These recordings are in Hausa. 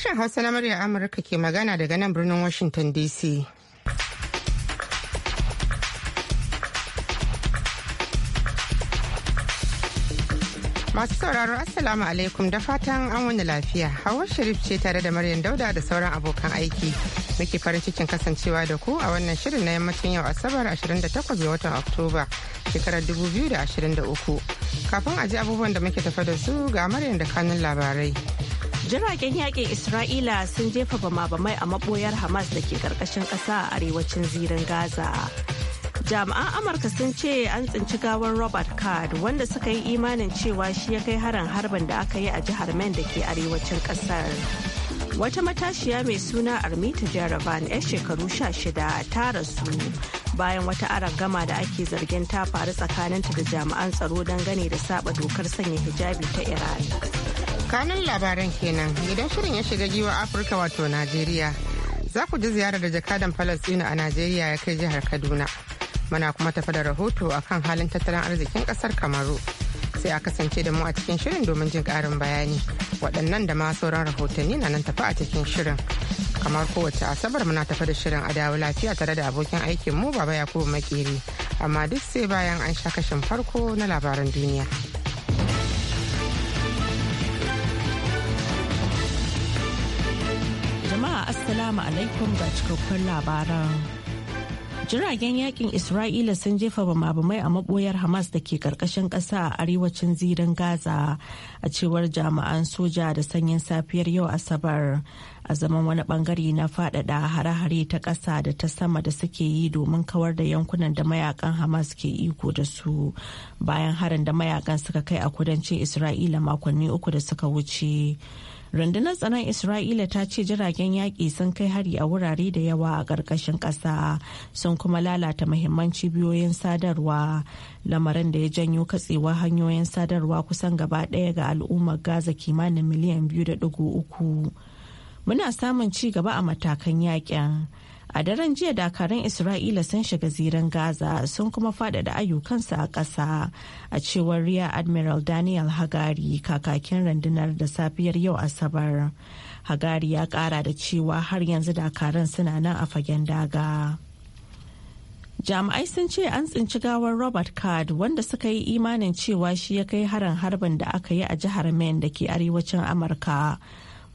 Sashen Hausa na murya Amurka ke magana daga nan birnin Washington DC. Masu sauraro Assalamu alaikum da fatan an wani lafiya. Hawa Sharif ce tare da Maryam Dauda da sauran abokan aiki. Muke farin cikin kasancewa da ku a wannan shirin na yammacin yau Asabar 28 ga watan Oktoba shekarar 2023. Kafin a ji abubuwan da muke tafa da su ga Maryam da kanun labarai. Jiragen yakin Isra'ila sun jefa bama-bamai a maboyar Hamas da ke karkashin kasa a arewacin zirin Gaza. Jami'an Amurka sun ce an tsinci gawar Robert Card wanda suka yi imanin cewa shi ya kai harin harbin da aka yi a jihar Maine da ke arewacin kasar. wata matashiya mai suna armita jaravan 'yan shekaru 16 ta rasu bayan wata gama da ake zargin ta faru tsakaninta da jami'an tsaro dangane da saba dokar sanya hijabi ta iran kanun labaran kenan idan shirin ya shiga giwa afirka wato najeriya za ku ji ziyarar da jakadan falastina a najeriya ya kai jihar kaduna muna kuma tafi da rahoto a kan halin tattalin arzikin kasar kamaru sai a kasance da mu a cikin shirin domin jin karin bayani waɗannan da ma sauran rahotanni na nan tafi a cikin shirin kamar kowace asabar muna tafi da shirin a dawo lafiya tare da abokin aikin mu baba yakubu makeri amma duk sai bayan an sha kashin farko na labaran duniya. Assalamu alaikum ga cikakkun labaran. Jiragen yakin Isra'ila sun jefa bamabamai a maboyar Hamas da ke karkashin ƙasa a arewacin zirin Gaza a cewar jami'an soja da sanyin safiyar yau Asabar a zaman wani bangare na faɗaɗa hare-hare ta ƙasa da ta sama da suke yi domin kawar da yankunan da mayakan Hamas ke iko da su bayan harin da mayakan suka kai a kudancin Isra'ila makonni uku da suka wuce. rundunar tsaron isra'ila ta ce jiragen yaƙi sun kai hari a wurare da yawa a ƙarƙashin ƙasa sun kuma lalata muhimman biyoyin sadarwa lamarin da ya janyo katsewa hanyoyin sadarwa kusan gaba ɗaya ga al'ummar gaza kimanin miliyan biyu da uku muna samun ci gaba a matakan yaƙin a daren jiya dakarun isra'ila sun shiga ziran gaza sun kuma faɗaɗa ayyukansu a ƙasa a cewar riya admiral daniel hagari kakakin rundunar da safiyar yau asabar hagari ya ƙara da cewa har yanzu dakarun suna nan a fagen daga jami'ai sun ce an tsinci gawar robert card wanda suka yi imanin cewa shi ya kai harin harbin da aka yi a jihar maine da ke arewacin amurka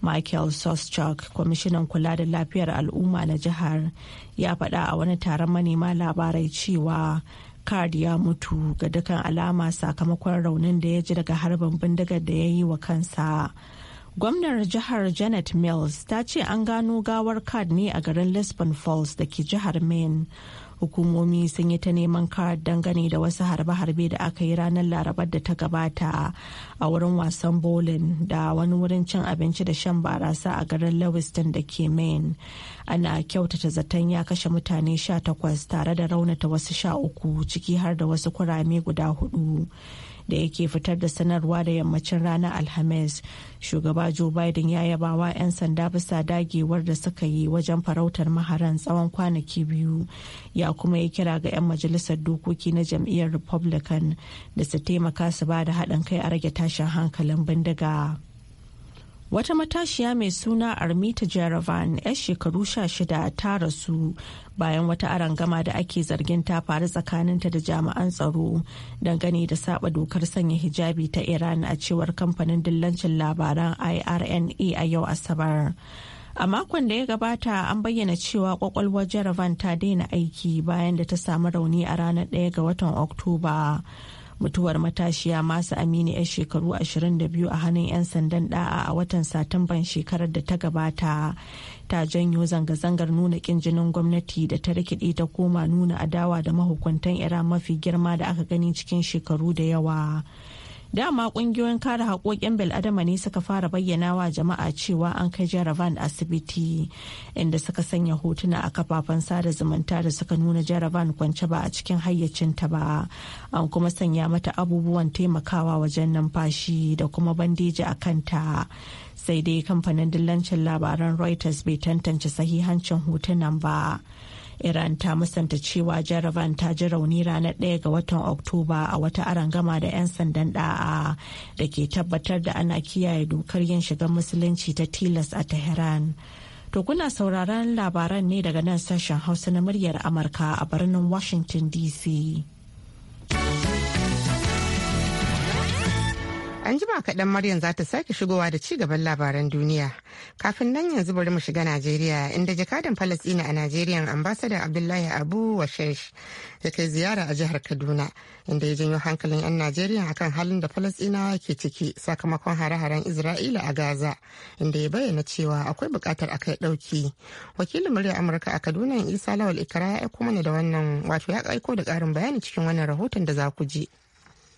michael soschuk kwamishinan kula da lafiyar al'umma na jihar ya faɗa a wani taron manema labarai cewa card ya mutu ga dukkan alama sakamakon raunin da ya ji daga harbin bindigar da ya yi wa kansa gwamnar jihar janet mills ta ce an gano gawar card ne a garin lisbon falls da ke jihar maine hukumomi sun yi ta neman kawar dangane da wasu harbe-harbe da aka yi ranar larabar da ta gabata a wurin wasan bowling da wani wurin cin abinci da shan barasa a garin lewiston da ke maine ana kyautata zaton ya kashe mutane sha takwas tare da raunata wasu sha uku ciki har da wasu kurame guda hudu. da yake fitar da sanarwa da yammacin ranar alhamis shugaba joe biden ya yabawa 'yan sanda bisa dagewar da suka yi wajen farautar maharan tsawon kwanaki biyu ya kuma yi kira ga 'yan majalisar dokoki na jam'iyyar republican da su taimaka su ba da haɗin kai a rage tashin hankalin bindiga. wata matashiya mai suna armita jaravan 'yar shekaru sha shida ta rasu bayan wata gama da ake zargin ta faru tsakaninta da jami'an tsaro dangane da saba dokar sanya hijabi ta iran a cewar kamfanin dillancin labaran irna a yau asabar a makon da ya gabata an bayyana cewa kwakwalwar jaravan ta daina aiki bayan da ta samu rauni a ranar 1 ga watan oktoba mutuwar matashiya masu amini 'yar shekaru 22 a hannun 'yan sandan da'a a watan satumban shekarar da ta gabata ta janyo zanga-zangar nuna kin jinin gwamnati da ta rikide ta koma nuna adawa da mahukuntan iran mafi girma da aka gani cikin shekaru da yawa dama kungiyoyin kare haƙoƙin bil'adama ne suka fara bayyana wa jama'a cewa an kai jaraban asibiti inda suka sanya hotuna a kafafen sada zumunta da suka nuna jaraban kwance ba a cikin hayyacinta ba an kuma sanya mata abubuwan taimakawa wajen numfashi da kuma bandeji a kanta sai dai kamfanin dillancin labaran reuters bai tantance sahihancin hotunan ba. iran ta musanta cewa jaraban ta ji rauni ranar 1 ga watan oktoba a wata arangama da 'yan sandan da'a da ke tabbatar da ana kiyaye dokar yin shiga musulunci ta tilas a tehran to kuna sauraron labaran ne daga nan sashen hausa na muryar amurka a birnin washington dc An jima kaɗan Maryam za ta sake shigowa da ci gaban labaran duniya. Kafin nan yanzu bari mu shiga Najeriya inda jakadan Falasɗina a Najeriya ambasada Abdullahi Abu Washesh ya kai ziyara a jihar Kaduna inda ya janyo hankalin 'yan Najeriya akan halin da Falasɗinawa ke ciki sakamakon hare-haren Isra'ila a Gaza inda ya bayyana cewa akwai buƙatar a kai ɗauki. Wakilin murya Amurka a Kaduna Isa Lawal Ikra ya aiko mana da wannan wato ya aiko da ƙarin bayani cikin wannan rahoton da za ku ji.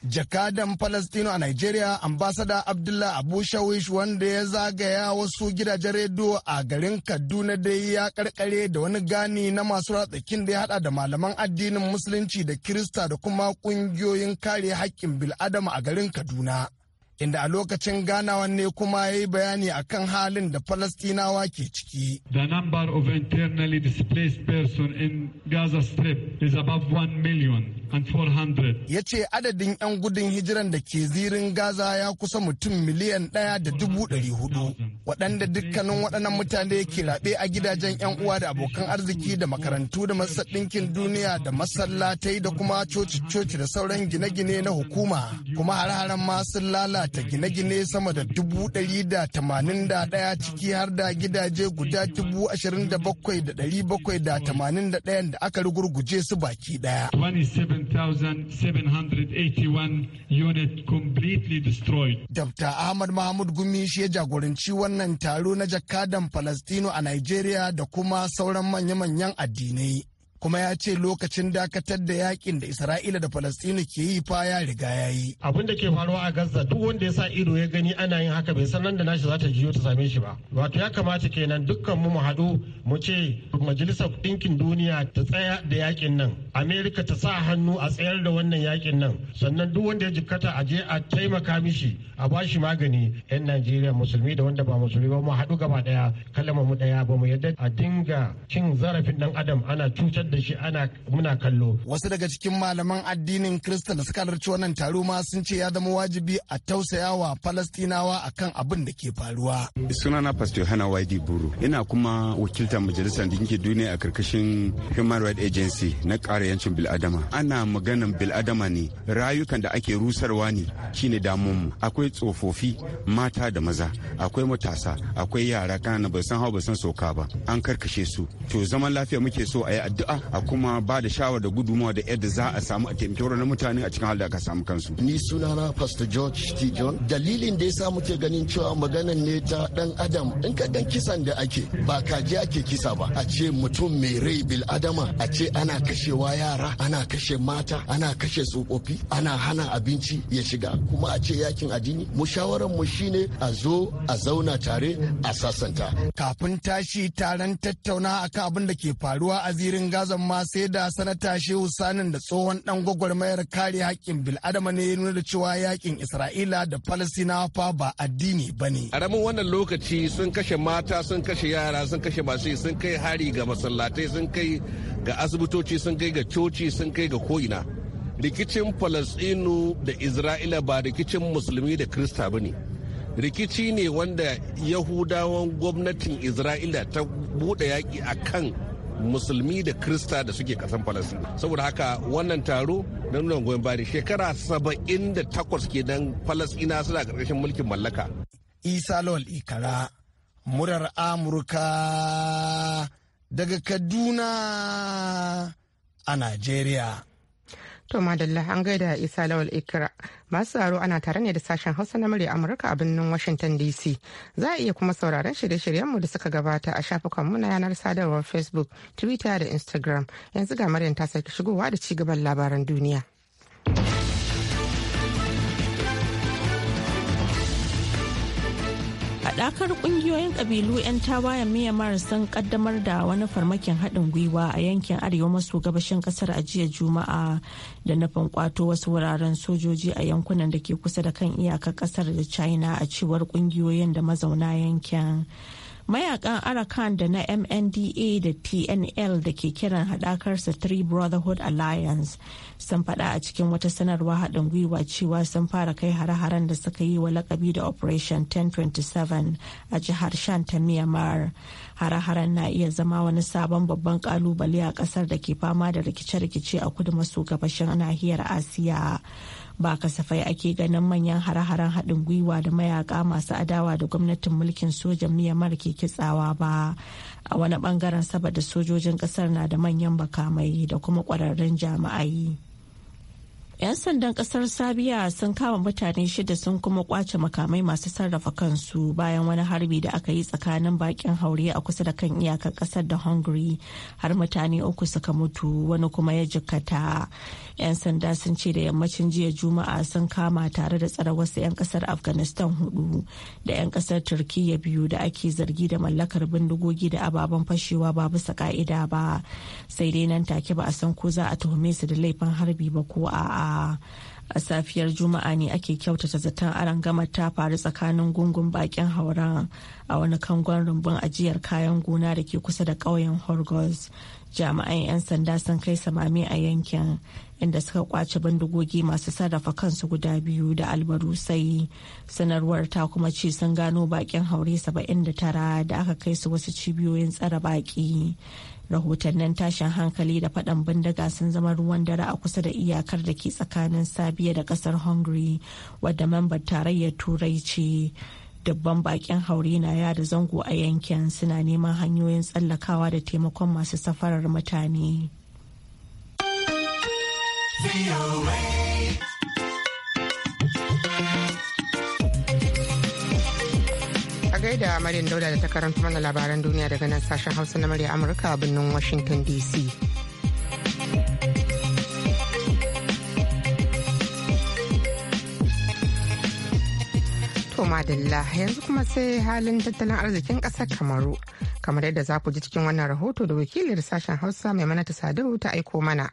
jakadan palestino a nigeria ambasada abdullah abu shawish wanda ya zagaya wasu gidajen rediyo a garin kaduna dai ya karkare da wani gani na masu ratsakin da ya hada da malaman addinin musulunci da kirista da kuma kungiyoyin kare haƙƙin bil'adama a garin kaduna inda a lokacin ganawan ne kuma ya yi bayani a kan halin da Falastinawa ke ciki. The number of internally displaced persons in Gaza Strip is above 1 million and 400. Ya ce adadin 'yan gudun hijiran da ke zirin Gaza ya kusa mutum miliyan ɗaya da dubu ɗari hudu. Waɗanda dukkanin waɗannan mutane ke raɓe a gidajen 'yan uwa da abokan arziki da makarantu da masar ɗinkin duniya da masallatai da kuma coci-coci da sauran gine-gine na hukuma. Kuma har-haren ma sun lalata ta gine-gine sama da dubu ɗari da tamanin da ɗaya ciki har da gidaje guda dubu ashirin da bakwai da ɗari bakwai da tamanin da ɗayan da aka rugurguje su baki ɗaya. Dabta Ahmad Mahmud Gumi shi ya jagoranci wannan taro na jakadan Falastino a Nigeria da kuma sauran manya-manyan addinai. kuma ya ce lokacin dakatar da yakin da isra'ila da falastinu ke yi fa ya riga ya yi abin da ke faruwa a gaza duk wanda ya sa ido ya gani ana yin haka bai san nan da nashi za ta jiyo ta same shi ba wato ya kamata kenan dukkan mu mu haɗu mu ce majalisar ɗinkin duniya ta tsaya da yakin nan amerika ta sa hannu a tsayar da wannan yakin nan sannan duk wanda ya jikkata a je a taimaka mishi a ba shi magani yan najeriya musulmi da wanda ba musulmi ba mu haɗu gaba ɗaya kalmar mu ɗaya ba mu yarda a dinga cin zarafin ɗan adam ana cutar da shi ana muna kallo. Wasu daga cikin malaman addinin Kirista da suka halarci wannan taro ma sun ce ya zama wajibi a tausaya wa Falastinawa akan abin da ke faruwa. Sunana Pastor Hana Wadi Buru. Ina kuma wakiltar Majalisar Dinkin Duniya a karkashin Human Rights Agency na ƙara yancin bil'adama. Ana maganan bil'adama ne rayukan da ake rusarwa ne shine damun akwai tsofaffi mata da maza akwai matasa akwai yara kana ba san hau ba san soka ba an karkashe su to zaman lafiya muke so a yi addu'a a kuma ba da shawar da gudunmawa da yadda za a samu a na mutane a cikin halin da samu kansu. Ni sunana Pastor George T. John. Dalilin da ya sa muke ganin cewa maganan ne ta dan Adam in ka dan kisan da ake ba kaji ake kisa ba a ce mutum mai rai bil adama a ce ana kashewa yara ana kashe mata ana kashe tsofaffi ana hana abinci ya shiga kuma a ce yakin addini mu shawaran mu shine a zo a zauna tare a sasanta. Kafin tashi taron tattauna akan abin da ke faruwa a zirin Gaza Hazan ma sai da sanata Shehu Sanin da tsohon dan gwagwarmayar kare haƙƙin bil'adama ne ya nuna da cewa yakin Isra'ila da falasinawa ba addini ba ne. A ramin wannan lokaci sun kashe mata, sun kashe yara, sun kashe masu sun kai hari ga masallatai, sun kai ga asibitoci, sun kai ga coci, sun kai ga ko'ina. Rikicin Falasinu da Isra'ila ba rikicin musulmi da Kirista ba ne. rikici ne wanda yahudawan gwamnatin isra'ila ta buɗe yaƙi a kan musulmi da krista da suke kasan falastin saboda haka wannan taro na nuna goyon bari shekara saba'in da takwas kenan falastina suna ƙarƙashin mulkin mallaka isa lawal ikara murar amurka daga kaduna a najeriya To madalla an gaida Isa Lawal Ikra. Masu tsaro ana tare ne da sashen Hausa na murya Amurka a birnin Washington DC. Za a iya kuma sauraron shirye-shiryenmu da suka gabata a shafukanmu na yanar sadarwar Facebook, Twitter da Instagram. Yanzu ga Maryam ta sake shigowa da ci gaban labaran duniya. haɗakar ƙungiyoyin ƙabilu 'yan tawayen miyamar sun ƙaddamar da wani farmakin haɗin gwiwa a yankin arewa maso gabashin ƙasar a jiya juma'a da nufin kwato wasu wuraren sojoji a yankunan da ke kusa da kan iyakar ƙasar da china a cewar ƙungiyoyin da mazauna yankin mayakan arakan da na mnda da pnl da ke kiran hadakar three brotherhood alliance sun fada a cikin wata sanarwa haɗin gwiwa cewa sun fara kai hare-haren da suka yi wa lakabi da operation 1027 a jihar shan ta myanmar hare-haren na iya zama wani sabon babban kalubale a ƙasar da ke fama da rikice-rikice a kudu maso gabashin nahiyar asiya ba kasafai ake ganin manyan hare-haren haɗin gwiwa da mayaka masu adawa da gwamnatin mulkin sojan miyamar ke kitsawa ba a wani bangaren saboda sojojin ƙasar na da manyan bakamai da kuma ƙwararrun jami'ai. 'Yan sandan kasar Sabiya sun kama mutane shida sun kuma kwace makamai masu sarrafa kansu bayan wani harbi da aka yi tsakanin bakin haure a kusa da kan iyakar kasar da Hungary har mutane uku suka mutu wani kuma ya jikata 'Yan sanda sun ce da yammacin jiya Juma'a sun kama tare da tsara wasu 'yan kasar Afghanistan hudu da 'yan kasar Turkiyya biyu da ake zargi da mallakar bindigogi da ababen fashewa ba bisa ka'ida ba. Sai dai nan take ba a san ko za a tuhume su da laifin harbi ba ko a'a. a safiyar juma'a ne ake kyautata zaton aron gama ta faru tsakanin gungun bakin hauran a wani kangon rumbun ajiyar kayan gona da ke kusa da ƙauyen horgos jami'an 'yan sanda sun kai samami a yankin inda suka kwace bindigogi masu sarrafa kansu guda biyu da albarusai sanarwar ta kuma ce sun gano bakin haure 79 da aka kai su wasu cibiyoyin tsara baki rahotannin tashin hankali da faɗan bindiga sun zama ruwan dare a kusa da iyakar da ke tsakanin sabiya da ƙasar hungary wadda mambar tarayyar turai ce dubban bakin haure na yada zango a yankin suna neman hanyoyin tsallakawa da taimakon masu safarar mutane. A gaida Maryam Dauda da ta karanta mana labaran duniya daga nan sashen Hausa na murya Amurka a birnin Washington DC. To madalla yanzu kuma sai halin tattalin arzikin ƙasar Kamaru. Kamar yadda za ku ji cikin wannan rahoto da wakilin sashen Hausa mai mana ta Sadiru ta aiko mana.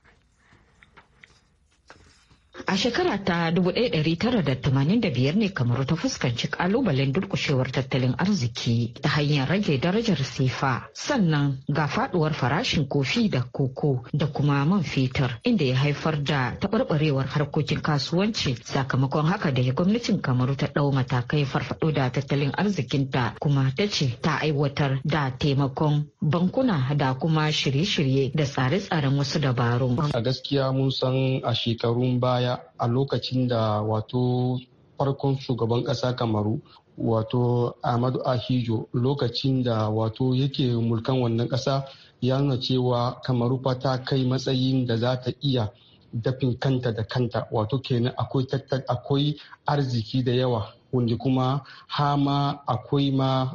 A shekara ta 1985 ne kamar ta fuskanci kalubalen durkushewar tattalin arziki ta hanyar rage darajar sifa, sannan ga faduwar farashin kofi da koko da kuma man fetur inda ya haifar da taɓarɓarewar harkokin kasuwanci sakamakon haka da ya gwamnatin kamaru ta ɗau matakai farfaɗo da tattalin arzikinta kuma ta ce ta aiwatar da taimakon bankuna da kuma shirye-shirye da tsare-tsaren wasu dabaru. A gaskiya mun san a shekarun baya a lokacin da wato farkon shugaban ƙasa kamaru wato ahmadu ahijo lokacin da wato yake mulkan wannan ƙasa ya nuna cewa kamaru fa ta kai matsayin da za ta iya dafin kanta da kanta wato kenan akwai arziki da yawa wanda kuma hama akwai ma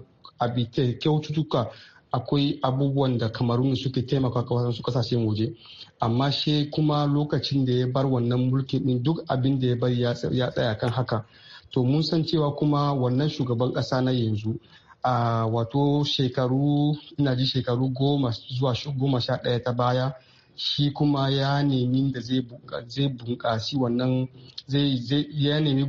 kyaututtuka akwai abubuwan da kamarun suke taimaka wasu su kasashen waje amma shi kuma lokacin da ya bar wannan mulki din duk abin da ya bari ya tsaya kan haka to mun san cewa kuma wannan shugaban kasa na yanzu a wato shekaru ina ji shekaru goma zuwa goma sha ɗaya ta baya shi kuma ya nemi da zai bunƙasi wannan zai ya nemi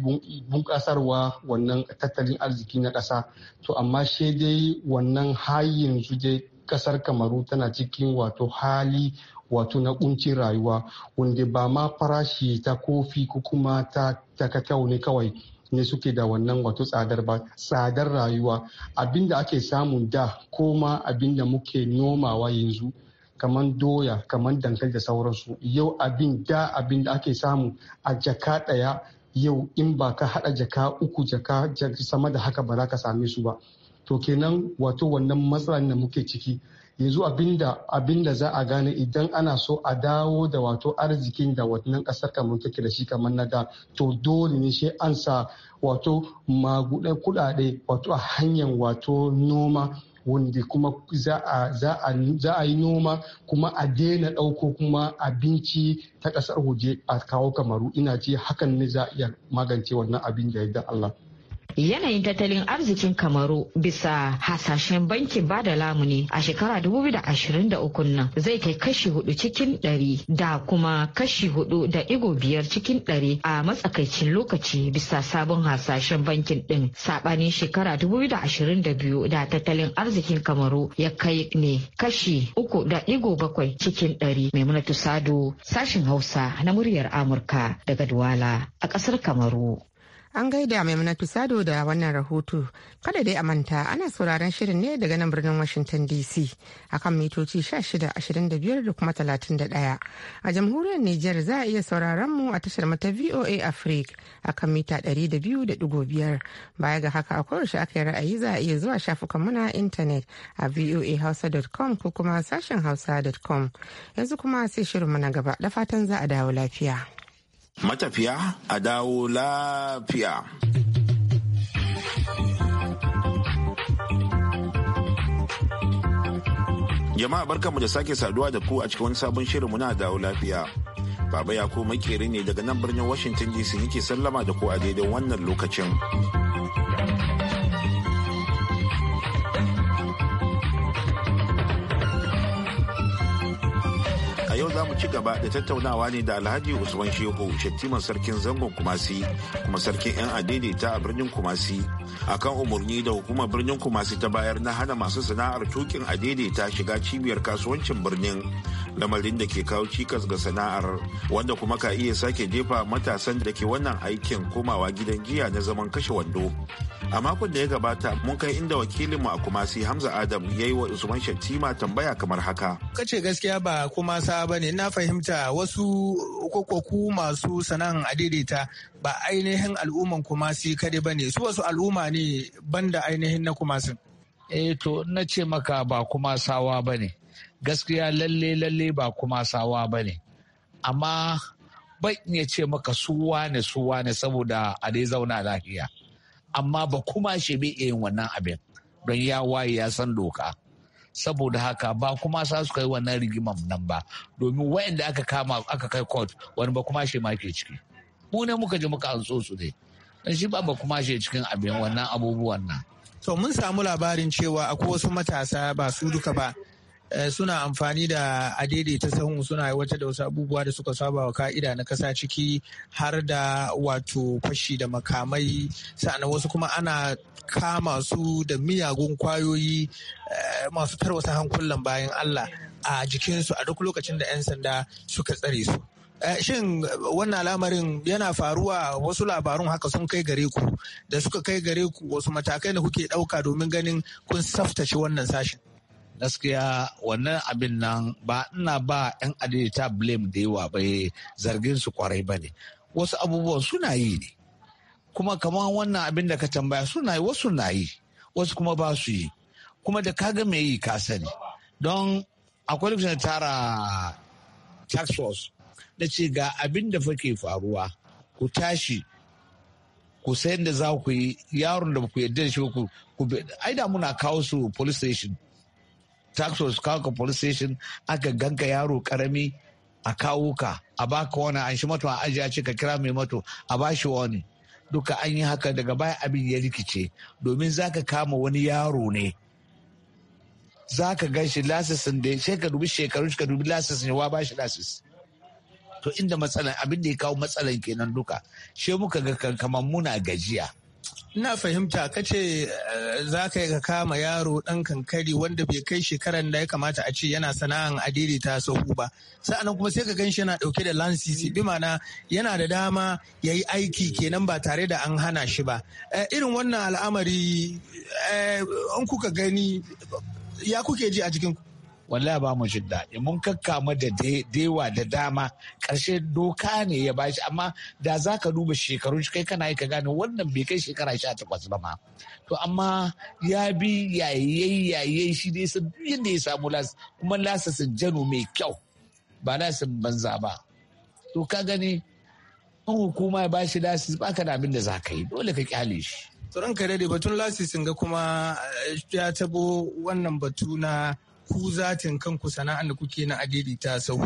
bunƙasarwa wannan tattalin arziki na ƙasa to amma shi dai wannan har yanzu dai ƙasar kamaru tana cikin wato hali wato na kuncin rayuwa wanda ba ma farashi ta kofi ko kuma ta takatau ne kawai ne suke da wannan wato tsadar ba tsadar rayuwa abinda ake samun da ko ma abinda muke nomawa yanzu kamar doya kamar dankali da sauransu yau abin da abin da ake samu a jaka ɗaya yau in ba ka haɗa jaka uku jaka sama da haka ba za ka same su ba to kenan wato wannan matsalar da muke ciki yanzu abinda da za a gane idan ana so a dawo da wato arzikin da wannan kasar kamar take da shi kamar na da to dole ne shi an sa wato magudan kudade wato a hanyar wato noma wanda kuma za a yi noma kuma a daina ɗauko kuma abinci ta ƙasar waje a kawo kamaru ina ce hakan ne za a iya magance wannan abin da ya yadda Allah. Yanayin tattalin arzikin Kamaru bisa hasashen bankin ba bada lamuni a shekara 2023 nan zai kai kashi hudu cikin ɗari da kuma kashi hudu da igo biyar cikin ɗari a matsakaicin lokaci bisa sabon hasashen bankin ɗin sabanin shekara 2022 da tattalin arzikin Kamaru ya kai ne kashi uku da igo bakwai cikin ɗari mai Sado sashin Hausa na muryar Amurka daga Duwala a ƙasar Kamaru. An gaida maimuna tusado da wannan rahoto. Kada dai a manta ana sauraron shirin ne daga nan birnin Washington DC akan mitoci 1625 da kuma 31. A jamhuriyar Nijar za a iya sauraron mu a tashar mata VOA Africa akan mita 200.5. Baya ga haka a kowace aka yi ra'ayi za a iya zuwa shafukan muna intanet a voahausa.com ko kuma sashen hausa.com. Yanzu kuma sai shirin mu na gaba da fatan za a dawo lafiya. matafiya a dawo lafiya. Jama'a barkanmu da sake saduwa da ku a cikin wani sabon shirinmu na dawo lafiya. Baba ya koma makeri ne daga nan birnin Washington DC yake sallama da ku a daidai wannan lokacin. za mu ci gaba da tattaunawa ne da Alhaji Usman Shehu Shattiman Sarkin Zangon Kumasi kuma Sarkin 'yan adaidaita a birnin Kumasi akan umarni da hukumar birnin Kumasi ta bayar na hana masu sana'ar tukin ta shiga cibiyar kasuwancin birnin lamarin da ke kawo cikas ga sana'ar wanda kuma ka iya sake jefa matasan da ke wannan aikin komawa gidan giya na zaman kashe wando a makon da ya gabata mun kai inda wakilinmu a kumasi hamza adam ya yi wa usman shattima tambaya kamar haka kace gaskiya ba kuma sa ne. na fahimta wasu kwakwaku masu sana'an adidaita ba ainihin al'umman kumasi ba ne. su wasu al'umma ne banda ainihin na kumasin eh to na ce maka ba kuma sawa ne. gaskiya lalle lalle ba kuma sawa ba ne amma ban iya ce maka suwa ne suwa ne saboda a dai zauna lafiya amma ba kuma shi bai iya yin wannan abin don ya waye ya san doka saboda haka ba kuma sa su kai wannan rigimar nan ba domin da aka kama aka kai court wani ba kuma shi ma ke ciki mu muka je muka an su ne dan shi ba ba kuma shi cikin abin wannan abubuwan nan to mun samu labarin cewa akwai wasu matasa ba su duka ba Eh, suna amfani da adaidaita sahun suna aiwatar da wasu abubuwa da suka saba wa ka'ida na kasa ciki har da wato fashi da makamai sa'an wasu kuma ana kama su da miyagun kwayoyi eh, masu tarwasa hankulan bayan Allah a jikinsu a duk lokacin da 'yan sanda suka tsare su. Eh, shin wannan al'amarin yana faruwa wasu labarun haka sun kai gare ku da suka kai gare ku wasu matakai da kuke ɗauka domin ganin kun saftace wannan sashen. gaskiya wannan abin nan ba ina ba 'yan adalita blame da yawa bai eh, zargin su kwarai ba ne wasu abubuwan suna yi ne kuma kamar wannan abin da ka tambaya suna yi wasu na yi wasu kuma ba su yi kuma da kaga mai yi ka sani don akwai lokacin tara tax force da ce ga abin da fa faruwa ku tashi ku sayan da za ku yi yaron da ku yarda da shi ku ai da muna kawo su police station was kawo ka police station aka ganka yaro karami a kawo ka a baka wani an shi mato a ajiya ce ka kira mai mato a bashi wani duka an yi haka daga baya abin ya rikice domin za ka kama wani yaro ne za ka gan shi lasisin da sai ka dubi shekaru ka dubi lasisin ya ba shi lasis to inda matsalan abin da ya kawo matsalan kenan duka shi muka ga kankaman muna gajiya Ina fahimta ka ce eh, za ka ka kama yaro ɗan kankari wanda bai kai shekaran da ya kamata a ce yana sana'an adiri ta sahu ba. Sa'annan kuma sai ka gan yana ɗauke da lansisi bi mana yana da dama ya yi aiki kenan ba tare da an hana shi ba. Eh, irin wannan al'amari an eh, kuka gani ya kuke ji a cikin ku. wallahi ba mu jin daɗi mun kakkama da dewa da dama ƙarshe doka ne ya bashi amma da za ka duba shekaru kai kana yi ka gane wannan bai kai shekara sha takwas ba ma to amma ya bi yayayi yayayi shi dai sun yadda ya samu las kuma lasasin jano mai kyau ba lasin banza ba to ka gani an hukuma ya bashi lasis ba ka da abin da za ka yi dole ka kyale shi. Tsoron ka daɗe batun lasisin ga kuma eh, ya tabo wannan batu na ku zatin kanku sana'an da kuke na ta sahu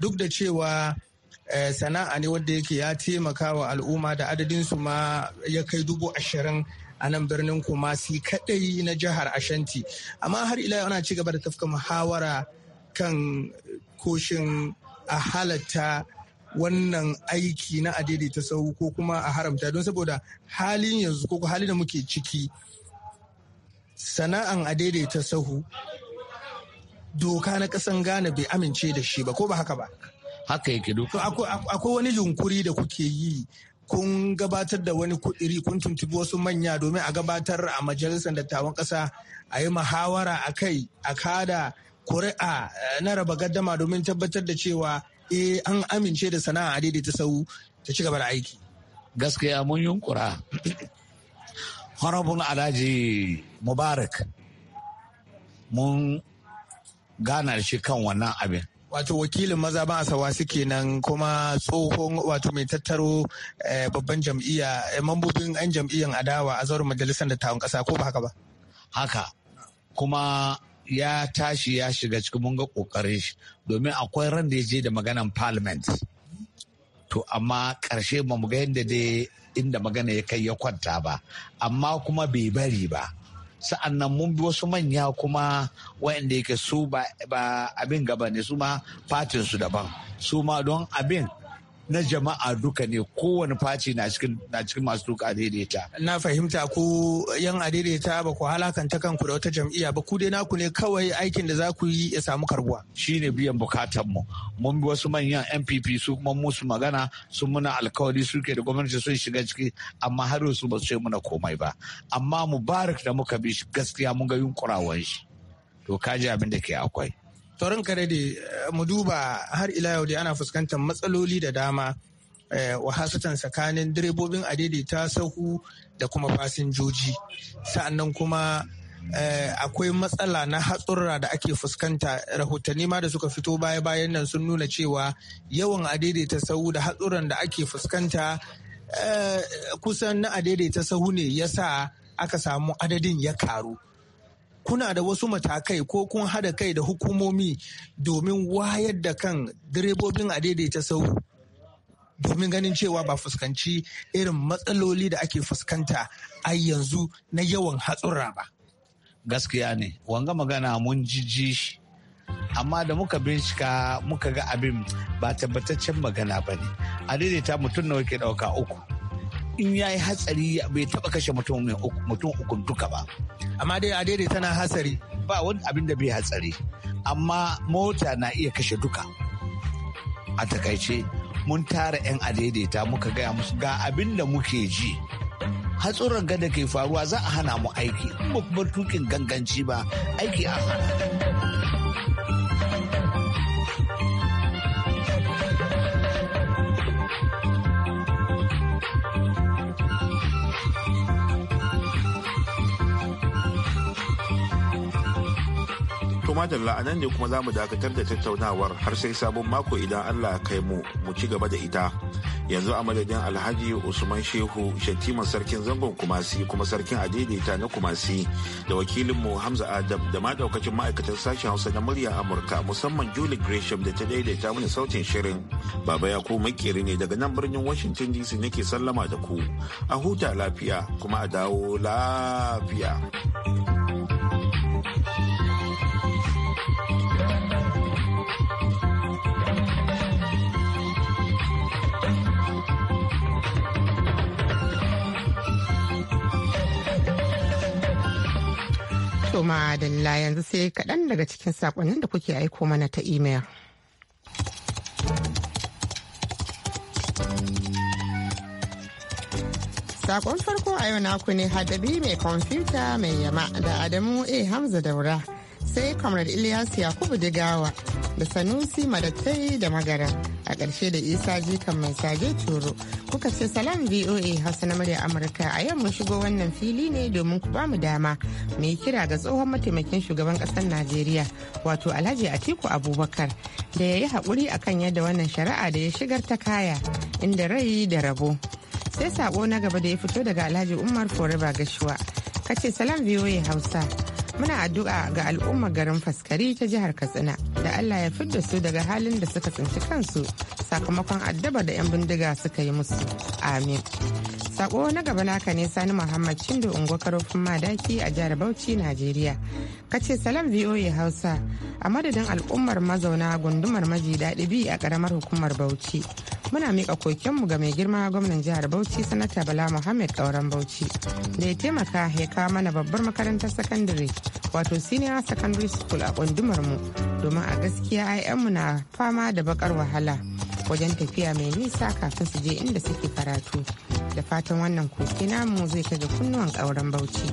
duk da cewa eh, sana'a ne wadda yake ya taimaka wa al'umma da adadin su ma ya kai dubu ashirin a nan birnin kumasi kadai na jihar ashanti amma har ila ana ci gaba da tafka muhawara kan koshin a halatta wannan aiki na ta sahu ko kuma a haramta don saboda halin yanzu ko halin da muke ciki sana'an adaidaita sahu doka na kasan Ghana bai amince da shi ba ko ba haka ba haka yake doka akwai wani yunkuri da kuke yi kun gabatar da wani kudiri kun tuntubi wasu manya domin a gabatar a majalisar dattawan kasa a yi muhawara a kai a kada kuri'a eh, na raba gaddama domin tabbatar da cewa eh an amince da sana'a a daidaita sau ta ci gaba da aiki gaskiya mun yunkura honorable alhaji mubarak mun gana da shi kan wannan abin wato wakilin maza ba asawa suke nan kuma tsohon wato mai tattaro eh, babban jam'iyya eh, mambobin 'yan jam'iyyar adawa a zaurin majalisar dattawan kasa ko ba haka ba haka kuma ya tashi ya shiga cikin munga ga shi domin akwai ran da ya je da maganan parliament to amma karshe ba mu ga yadda dai inda magana ya kai ya kwanta ba amma kuma bai bari ba sa'an nan mun bi wasu manya kuma wa'anda yake su ba abin gaba ne su ma fatin su daban su ma don abin na jama'a duka ne kowane faci na cikin masu duka daidaita. Na fahimta ku yan adaidaita ba ku halakanta kanku da wata jam'iyya ba ku dai naku ne kawai aikin da za ku yi ya samu karbuwa. Shi ne biyan bukatar mu. Mun bi wasu manyan NPP su kuma musu magana sun muna alkawari suke da gwamnati sun shiga ciki amma har yanzu ba su yi muna komai ba. Amma Mubarak da muka bi shi gaskiya mun ga yunkurawan shi. To kaji abin da ke akwai. taurin kare da mu duba har ila yau dai ana fuskantar matsaloli da dama eh, wahasatan tsakanin direbobin a adaidaita sahu da kuma fasinjoji sa'annan kuma eh, akwai matsala na hatsura da ake fuskanta rahotanni ma da suka fito baya-bayan nan sun nuna cewa yawan a daidaita sahu da hatsuran da ake fuskanta eh, kusan na a daidaita sahu ne ya sa aka samu adadin ya karu kuna da wasu matakai ko kun hada kai da hukumomi domin wayar da kan direbobin a daidaita sau domin ganin cewa ba fuskanci irin matsaloli da ake fuskanta a yanzu na yawan hatsura ba. Gaskiya ne, wanga magana mun jiji shi, amma da muka bincika muka ga abin ba tabbataccen magana ba ne. A daidaita mutum nawa ke ɗauka uku. in ya yi hatsari bai taba kashe mutum uku duka ba amma dai a daidai tana hatsari ba wani abin da bai hatsari amma mota na iya kashe duka a takaice mun tara 'yan adaidaita muka gaya musu ga abin da muke ji hatsuran gada ke faruwa za a hana mu aiki in ba tukin ganganci ba aiki a hana kuma da ne kuma za mu dakatar da tattaunawar har sai sabon mako idan Allah ya kai mu mu ci gaba da ita. Yanzu a madadin Alhaji Usman Shehu shattiman Sarkin Zangon Kumasi kuma Sarkin Adaidaita na Kumasi da wakilin mu Hamza Adam da ma daukacin ma'aikatan sashen Hausa na murya Amurka musamman Julie Gresham da ta daidaita mini sautin shirin. Baba ya ku makeri ne daga nan birnin Washington DC nake sallama da ku. A huta lafiya kuma a dawo lafiya. To madalla yanzu sai kaɗan daga cikin saƙonnin da kuke aiko mana ta imel. Sakon farko a yau naku ne hadabi mai kwamfuta mai yama da Adamu A Hamza Daura sai Comrade Ilyas Yakubu Digawa da sanusi madatai da magara a ƙarshe da isa jikan mai sage turo kuka ce salam voa hausa na murya amurka a yau mun shigo wannan fili ne domin ku bamu dama mai kira ga tsohon mataimakin shugaban ƙasar najeriya wato alhaji atiku abubakar da ya yi haƙuri akan yadda wannan shari'a da ya shigar ta kaya inda rai da rabo sai saƙo na gaba da ya fito daga alhaji umar foreba gashuwa kace salam voa hausa muna addu'a ga al'ummar garin faskari ta jihar katsina Allah ya fidda su daga halin da suka tsinci kansu sakamakon addaba da 'yan bindiga suka yi musu. Amin. Sako na gaba naka ne Sani Muhammad shindo Ungo Karofin Madaki a jihar Bauchi, Najeriya. Kace salam VOA Hausa a madadin al'ummar mazauna gundumar maji daɗi bi a ƙaramar hukumar Bauchi. muna mika kokenmu ga mai girma gwamnan jihar bauchi sanata bala muhammad ɗauran bauchi da ya taimaka ya kawo mana babbar makarantar sakandare wato senior secondary school a kundumar mu domin a gaskiya 'ya'yanmu na fama da bakar wahala wajen tafiya mai nisa kafin su je inda suke karatu da fatan wannan koke namu zai kai ga kunnuwan ƙauren bauchi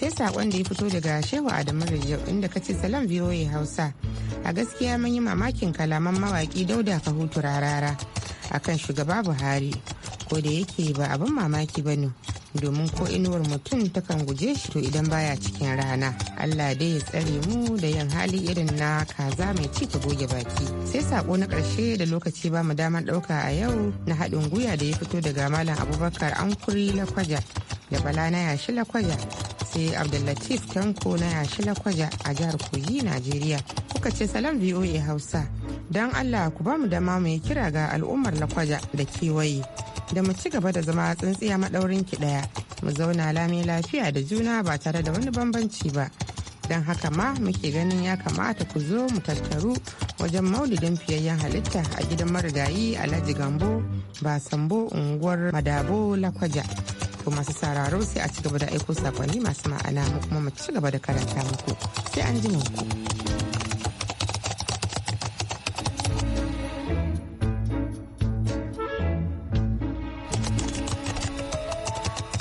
sai saƙon da ya fito daga shehu adamu rijau inda ka ce salam voa hausa a gaskiya mun yi mamakin kalaman mawaki dauda hutu rarara akan shugaba buhari ko da yake ba abin mamaki ba ne domin ko inuwar mutum takan guje shi to idan baya cikin rana allah dai ya tsare mu da yin hali irin na kaza mai ci ta goge baki sai sako na karshe da lokaci ba mu damar dauka a yau na haɗin guya da ya fito daga malam abubakar ankuri lakwaja da bala na yashi lakwaja sai abdullatif tanko na yashi lakwaja a jihar kogi najeriya kuka ce salam voa hausa don allah ku ba mu dama mai kira ga al'ummar lakwaja da kewaye da mu ci gaba da zama tsintsiya maɗaurin ki ɗaya mu zauna lami lafiya da juna ba tare da wani bambanci ba don haka ma muke ganin ya kamata ku zo mu tattaru wajen maulidin fiyayyen halitta a gidan marigayi alhaji gambo ba sambo unguwar madabo lakwaja to masu sararo sai a ci gaba da aiko sakonni masu ma'ana mu kuma mu ci gaba da karanta muku sai an ji muku.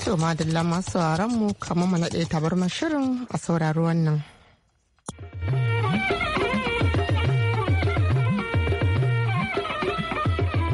To madalla masu mu kamar mu naɗe tabar shirin a sauraro wannan.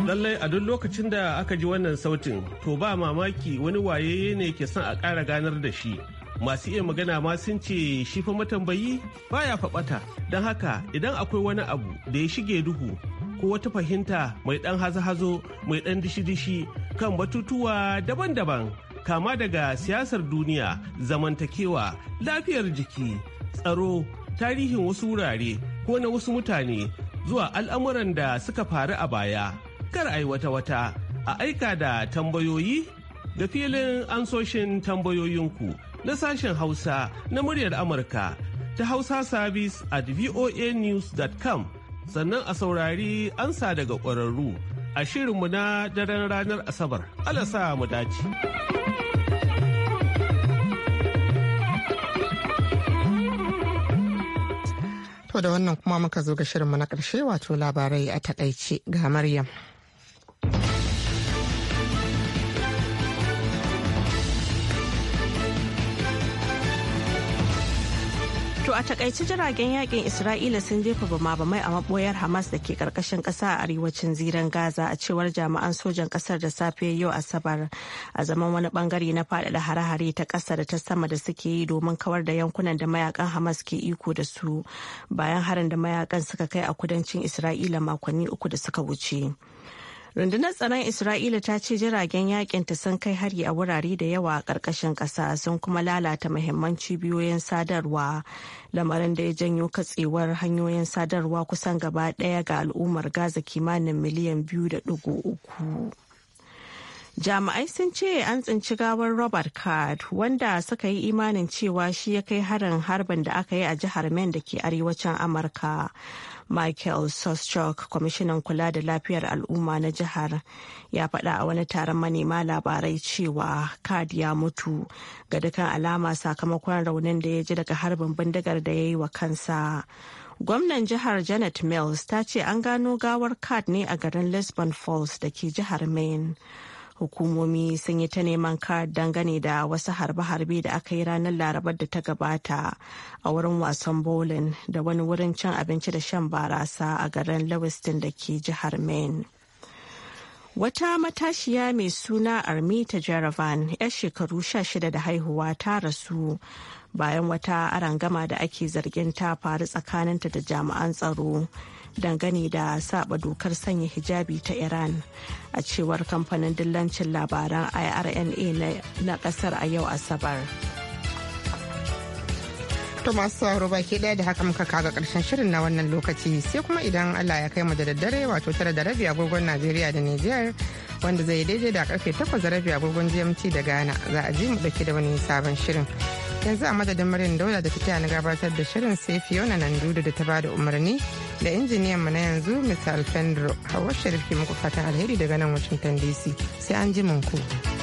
Lallai a duk lokacin da aka ji wannan sautin to ba mamaki wani waye ne ke son a ƙara ganar da shi. Masu iya magana ma sun ce shi fa matambayi baya faɓata don haka idan akwai wani abu da ya shige duhu ko wata fahimta mai ɗan hazo-hazo mai ɗan dishi-dishi kan batutuwa daban-daban kama daga siyasar duniya zamantakewa lafiyar jiki tsaro tarihin wasu wurare ko na wasu mutane zuwa al'amuran da suka faru a baya kar a yi wata-wata a aika da tambayoyi da filin ansoshin tambayoyinku na sashen hausa na muryar amurka ta hausa service at voanews.com sannan a saurari ansa daga ƙwararru a shirinmu na daren ranar Asabar. Allah sa mu dace. To da wannan kuma muka zo ga shirinmu na ƙarshe wato labarai a taƙaice ga Maryam. a takaici jiragen yakin Isra'ila sun jefa bama-bamai a maboyar Hamas da ke karkashin ƙasa a arewacin ziran Gaza a cewar jami'an sojan ƙasar da safe yau Asabar a zaman wani bangare na faɗaɗa hare-hare ta ƙasa da ta sama da suke yi domin kawar da yankunan da mayakan Hamas ke iko da su bayan harin da mayakan suka kai a kudancin Isra'ila makonni uku da suka wuce. rundunar tsaron isra'ila ta ce jiragen ta sun kai hari a wurare da yawa a ƙarƙashin ƙasa sun kuma lalata muhimman cibiyoyin sadarwa lamarin da ya janyo katsewar hanyoyin sadarwa kusan gaba ɗaya ga al'ummar gaza kimanin miliyan biyu da ɗugu uku jami'ai sun ce an tsinci gawar robert card wanda suka yi imanin cewa shi ya kai harin harbin da aka yi a jihar maine da ke arewacin amurka michael soschok kwamishinan kula da lafiyar al'umma na jihar ya faɗa a wani taron manema labarai cewa kad ya mutu ga dukkan alama sakamakon raunin da ya ji daga harbin bindigar da ya yi wa kansa gwamnan jihar janet mills ta ce an gano gawar kad ne a garin lisbon falls da ke jihar maine hukumomi sun yi ta neman ka dangane da wasu harbe-harbe da aka yi ranar larabar da ta gabata a wurin wasan bowling da wani wurin cin abinci da shan barasa a garin lewiston da ke jihar maine Wata matashiya mai suna Armita Jaravan, 'yar shekaru sha shida da haihuwa ta rasu bayan wata arangama da ake zargin ta faru tsakaninta da jami'an tsaro dangane da saba dokar sanya hijabi ta iran a cewar kamfanin dillancin labaran irna na kasar a yau asabar to masu sauraro baki daya da haka muka kaga karshen shirin na wannan lokaci sai kuma idan allah ya kai mu da daddare wato tara da rabi agogon najeriya da niger wanda zai daidai da karfe takwas da rabi agogon gmt da ghana za a ji mu dauke da wani sabon shirin yanzu a madadin murin dola da ta na gabatar da shirin sai fiona nan dudu da ta ba da umarni da injiniyan mu na yanzu mr alfendro hawa sharif ke muku fatan alheri daga nan washington dc sai an ji ku.